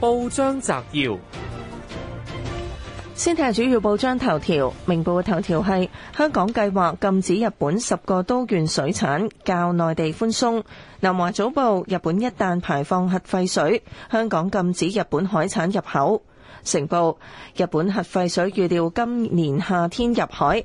報章摘要，先睇下主要報章頭條。明報嘅頭條係香港計劃禁止日本十個都縣水產較內地寬鬆。南華早報：日本一旦排放核廢水，香港禁止日本海產入口。成報：日本核廢水預料今年夏天入海，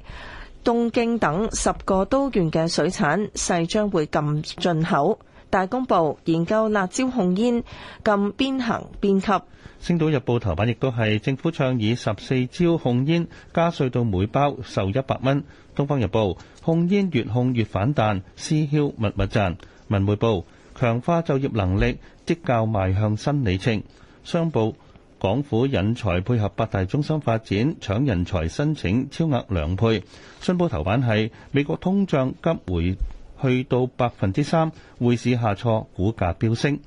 東京等十個都縣嘅水產勢將會禁進口。大公報研究辣椒控煙，禁邊行邊吸。星島日報頭版亦都係政府倡議十四招控煙，加稅到每包售一百蚊。東方日報，控煙越控越反彈，私竇密密賺。文匯報，強化就業能力，職教邁向新里程。商報，港府引才配合八大中心發展，搶人才申請超額兩倍。商報頭版係美國通脹急回。去到百分之三，匯市下挫，股價飆升。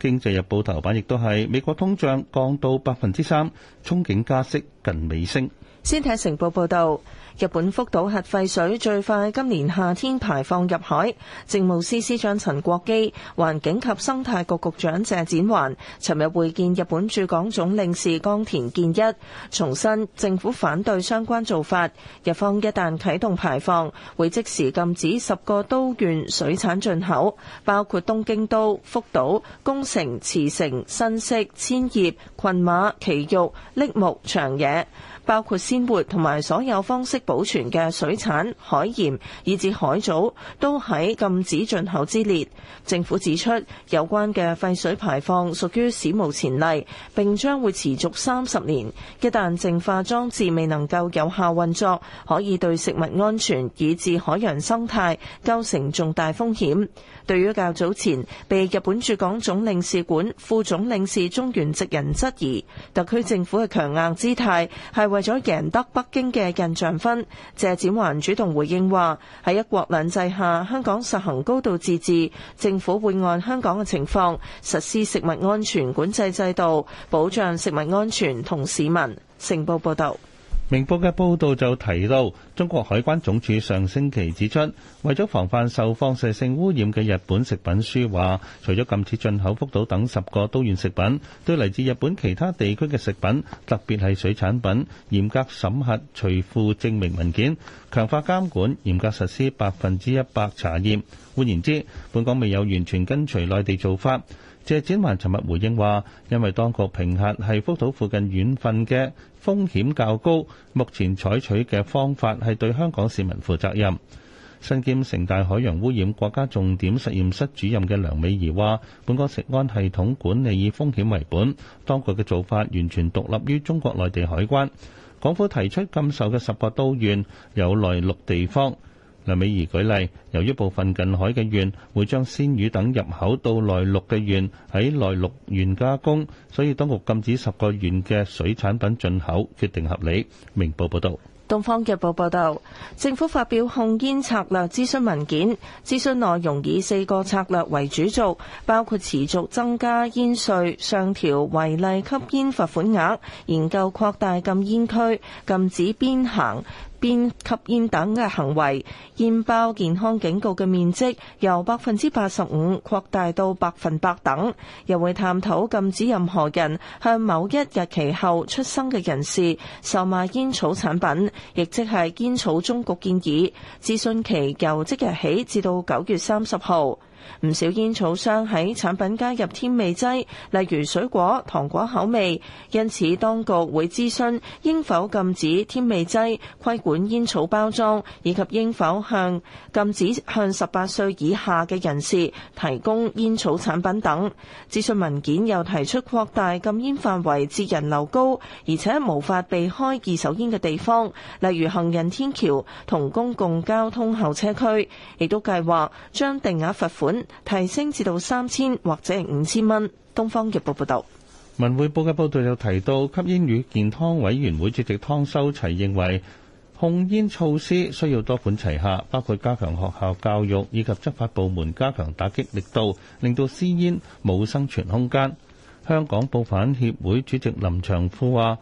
經濟日報頭版亦都係美國通脹降到百分之三，憧憬加息近尾聲。先睇成報報道。日本福島核廢水最快今年夏天排放入海，政務司司長陳國基、環境及生態局局長謝展環尋日會見日本駐港總領事岡田健一，重申政府反對相關做法。日方一旦啟動排放，會即時禁止十個都縣水產進口，包括東京都、福島、宮城、茨城、新潟、千葉、群馬、埼玉、栃木、長野。包括鮮活同埋所有方式保存嘅水產、海鹽，以至海藻，都喺禁止進口之列。政府指出，有關嘅廢水排放屬於史無前例，並將會持續三十年。一旦淨化裝置未能夠有效運作，可以對食物安全以至海洋生態構成重大風險。對於較早前被日本駐港總領事館副總領事中原直人質疑特區政府嘅強硬姿態，係為，為咗贏得北京嘅印象分，謝展環主動回應話：喺一國兩制下，香港實行高度自治，政府會按香港嘅情況實施食物安全管制制度，保障食物安全同市民。成報報道。明報嘅報道就提到，中國海關總署上星期指出，為咗防範受放射性污染嘅日本食品輸華，除咗禁止進口福島等十個都縣食品，對嚟自日本其他地區嘅食品，特別係水產品，嚴格審核隨附證明文件，強化監管，嚴格實施百分之一百查驗。換言之，本港未有完全跟隨內地做法。謝展環尋日回應話，因為當局評核係福島附近縣份嘅風險較高，目前採取嘅方法係對香港市民負責任。身兼城大海洋污染國家重點實驗室主任嘅梁美儀話，本港食安系統管理以風險為本，當局嘅做法完全獨立於中國內地海關。港府提出禁售嘅十個都縣，有內陸地方，梁美儀舉例，由於部分近海嘅縣會將鮮魚等入口到內陸嘅縣，喺內陸縣加工，所以當局禁止十個縣嘅水產品進口，決定合理。明報報道：「東方日報報道，政府發表控煙策略諮詢文件，諮詢內容以四個策略為主軸，包括持續增加煙稅、上調違例吸煙罰款額、研究擴大禁煙區、禁止邊行便吸煙等嘅行為，煙包健康警告嘅面積由百分之八十五擴大到百分百等，又會探討禁止任何人向某一日期後出生嘅人士售賣煙草產品，亦即係煙草中局建議諮詢期由即日起至到九月三十號。唔少煙草商喺產品加入添味劑，例如水果、糖果口味。因此，當局會諮詢應否禁止添味劑、規管煙草包裝，以及應否向禁止向十八歲以下嘅人士提供煙草產品等。諮詢文件又提出擴大禁煙範圍至人流高，而且無法避開二手煙嘅地方，例如行人天橋同公共交通候車區。亦都計劃將定額罰款提升至到三千或者五千蚊。東方日報報道，文匯報嘅報道又提到，吸煙與健康委員會主席湯修齊認為，控煙措施需要多管齊下，包括加強學校教育以及執法部門加強打擊力度，令到私煙冇生存空間。香港報販協會主席林長富話。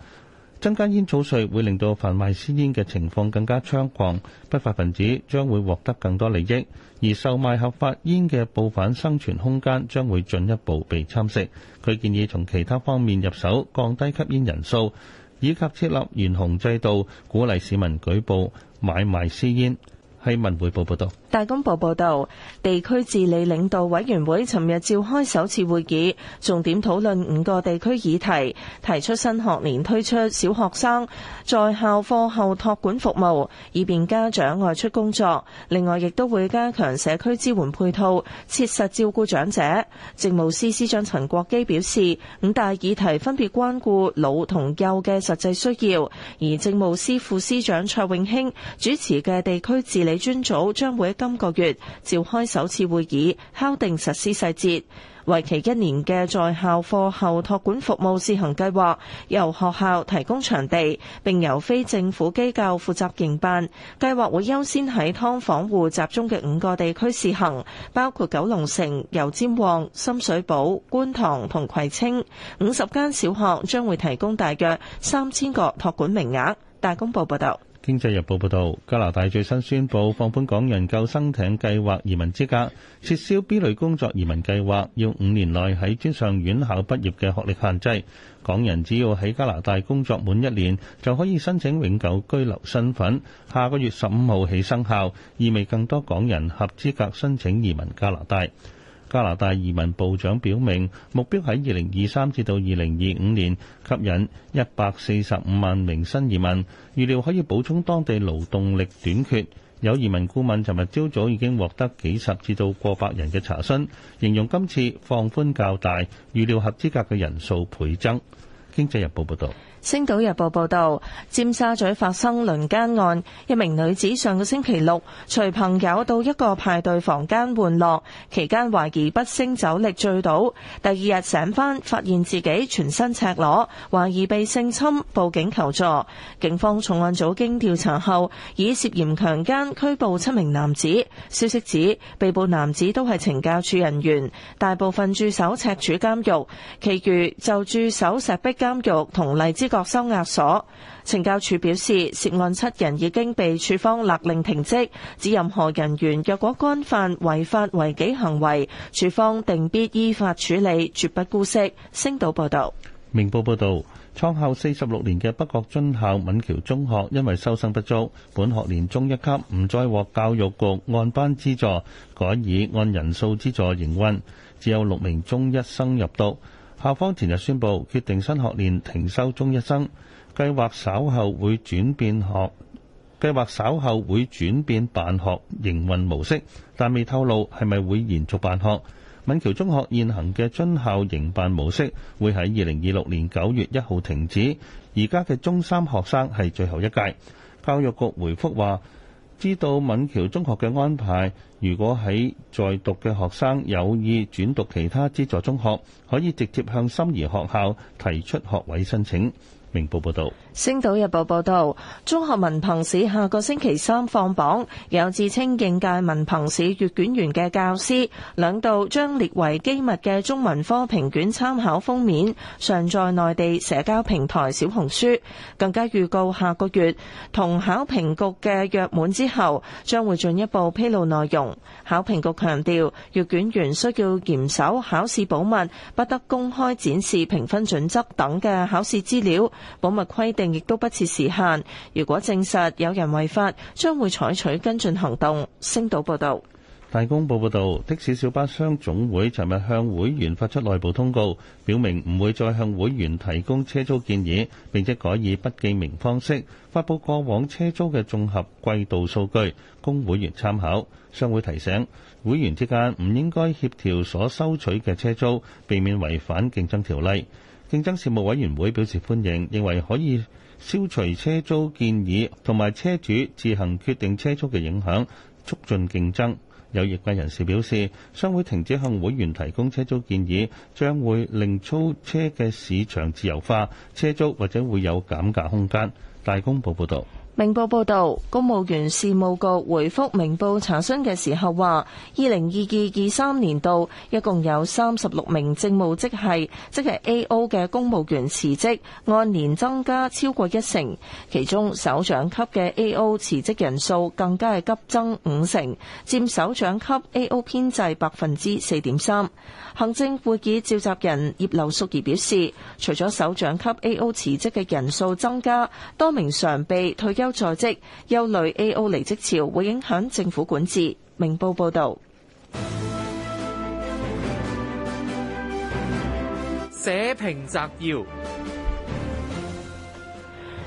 增加煙草稅會令到販賣私煙嘅情況更加猖狂，不法分子將會獲得更多利益，而售賣合法煙嘅報販生存空間將會進一步被侵蝕。佢建議從其他方面入手，降低吸煙人數，以及設立懸紅制度，鼓勵市民舉報買賣私煙。喺文匯報報導。大公報報道，地區治理領導委員會尋日召開首次會議，重點討論五個地區議題，提出新學年推出小學生在校課後托管服務，以便家長外出工作。另外，亦都會加強社區支援配套，切實照顧長者。政務司司長陳國基表示，五大議題分別關顧老同幼嘅實際需要，而政務司副司長蔡永興主持嘅地區治理專組將會。今個月召開首次會議，敲定實施細節。為期一年嘅在校課後託管服務試行計劃，由學校提供場地，並由非政府機構負責營辦。計劃會優先喺劏房戶集中嘅五個地區試行，包括九龍城、油尖旺、深水埗、觀塘同葵青。五十間小學將會提供大約三千個託管名額。大公報報道。經濟日報報導，加拿大最新宣布放寬港人救生艇計劃移民資格，撤銷 B 類工作移民計劃，要五年內喺專上院校畢業嘅學歷限制。港人只要喺加拿大工作滿一年，就可以申請永久居留身份，下個月十五號起生效，意味更多港人合資格申請移民加拿大。加拿大移民部長表明，目標喺二零二三至到二零二五年吸引一百四十五萬名新移民，預料可以補充當地勞動力短缺。有移民顧問尋日朝早已經獲得幾十至到過百人嘅查詢，形容今次放寬較大，預料合資格嘅人數倍增。經濟日報報道。《星島日報》報導，尖沙咀發生輪姦案，一名女子上個星期六隨朋友到一個派對房間玩樂，期間懷疑不勝酒力醉倒，第二日醒返，發現自己全身赤裸，懷疑被性侵，報警求助。警方重案組經調查後，以涉嫌強姦拘捕七名男子。消息指，被捕男子都係懲教署人員，大部分駐守赤柱監獄，其餘就駐守石壁監獄同荔枝角各收押所。懲教署表示，涉案七人已經被署方勒令停職，指任何人員若果干犯違法違紀行為，署方定必依法處理，絕不姑息。星島報道。明報報道，創校四十六年嘅北角津校閩僑中學，因為收生不足，本學年中一級唔再獲教育局按班資助，改以按人數資助營運，只有六名中一生入讀。校方前日宣布，決定新學年停收中一生，計劃稍後會轉變學計劃稍後會轉變辦學營運模式，但未透露係咪會延續辦學。敏橋中學現行嘅津校營辦模式會喺二零二六年九月一號停止，而家嘅中三學生係最後一屆。教育局回覆話。知道敏橋中學嘅安排，如果喺在讀嘅學生有意轉讀其他資助中學，可以直接向心儀學校提出學位申請。明報報導，《星島日報》報導，中學文憑試下個星期三放榜，有自稱應屆文憑試閱卷員嘅教師，兩度將列為機密嘅中文科評卷參考封面，上載內地社交平台小紅書，更加預告下個月同考評局嘅約滿之後，將會進一步披露內容。考評局強調，閱卷員需要嚴守考試保密，不得公開展示評分準則等嘅考試資料。保密規定亦都不設時限，如果證實有人違法，將會採取跟進行動。星島報道。大公報報導，大公報報導，的士小巴商總會尋日向會員發出內部通告，表明唔會再向會員提供車租建議，並且改以不記名方式發佈過往車租嘅綜合季度數據，供會員參考。商會提醒，會員之間唔應該協調所收取嘅車租，避免違反競爭條例。競爭事務委員會表示歡迎，認為可以消除車租建議同埋車主自行決定車租嘅影響，促進競爭。有業界人士表示，商會停止向會員提供車租建議，將會令租車嘅市場自由化，車租或者會有減價空間。大公報報導。明報報導，公務員事務局回覆明報查詢嘅時候話，二零二二二三年度一共有三十六名政務職系即係 A.O. 嘅公務員辭職，按年增加超過一成，其中首長級嘅 A.O. 辭職人數更加係急增五成，佔首長級 A.O. 編制百分之四點三。行政會議召集人葉劉淑儀表示，除咗首長級 A.O. 辭職嘅人數增加，多名常秘退休。在職憂慮 A.O. 離職潮會影響政府管治。明報報道。社評摘要。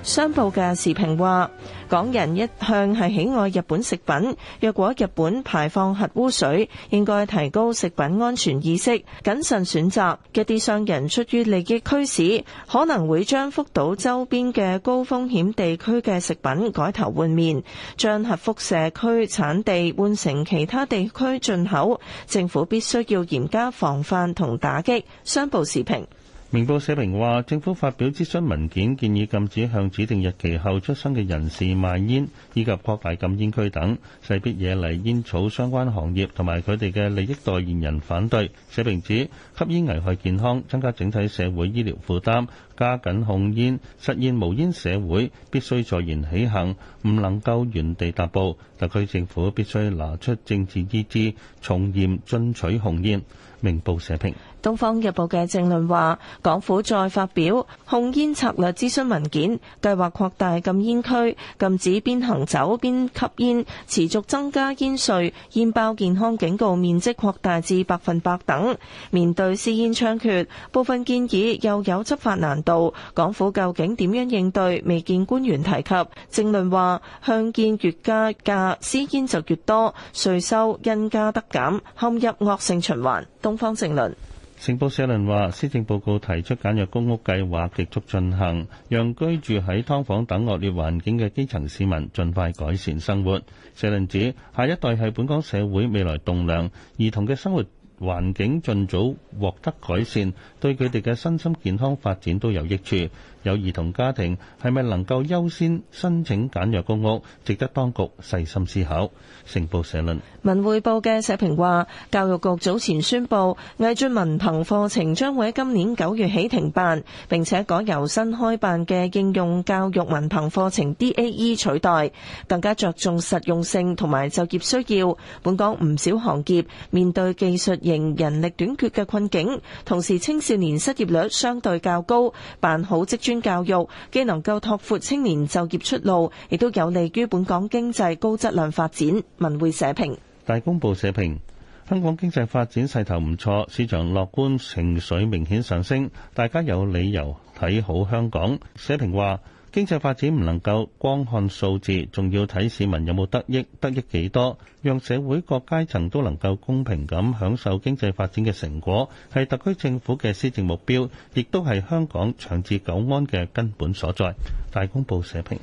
商報嘅時評話：港人一向係喜愛日本食品，若果日本排放核污水，應該提高食品安全意識，謹慎選擇。一啲商人出於利益驅使，可能會將福島周邊嘅高風險地區嘅食品改頭換面，將核輻射區產地換成其他地區進口。政府必須要嚴加防範同打擊。商報時評。明報社評話，政府發表諮詢文件，建議禁止向指定日期後出生嘅人士賣煙，以及擴大禁煙區等，勢必惹嚟煙草相關行業同埋佢哋嘅利益代言人反對。社評指，吸煙危害健康，增加整體社會醫療負擔。加緊控煙，實現無煙社會，必須坐言起行，唔能夠原地踏步。特區政府必須拿出政治意志，從嚴進取控煙。明報社評，《東方日報》嘅政論話，港府再發表控煙策略諮詢文件，計劃擴大禁煙區，禁止邊行走邊吸煙，持續增加煙稅，煙包健康警告面積擴大至百分百等。面對私煙猖獗，部分建議又有執法難。到港府究竟點樣應對？未見官員提及。政論話：向建越加價，私煙就越多，稅收因加得減，陷入惡性循環。東方政論。成報社論話：施政報告提出簡約公屋計劃，極速進行，讓居住喺劏房等惡劣環境嘅基層市民，盡快改善生活。社論指：下一代係本港社會未來棟梁，兒童嘅生活環境盡早獲得改善，對佢哋嘅身心健康發展都有益處。有兒童家庭係咪能夠優先申請簡約公屋？值得當局細心思考。成報社論，文匯報嘅社評話：教育局早前宣布，毅進文憑課程將會喺今年九月起停辦，並且改由新開辦嘅應用教育文憑課程 D A E 取代，更加着重實用性同埋就業需要。本港唔少行業面對技術型人力短缺嘅困境，同時青少年失業率相對較高，辦好職教育既能夠拓闊青年就業出路，亦都有利於本港經濟高質量發展。文匯社評、大公報社評，香港經濟發展勢頭唔錯，市場樂觀情緒明顯上升，大家有理由睇好香港。社評話。經濟發展唔能夠光看數字，仲要睇市民有冇得益，得益幾多，讓社會各階層都能夠公平咁享受經濟發展嘅成果，係特區政府嘅施政目標，亦都係香港長治久安嘅根本所在。大公報社評。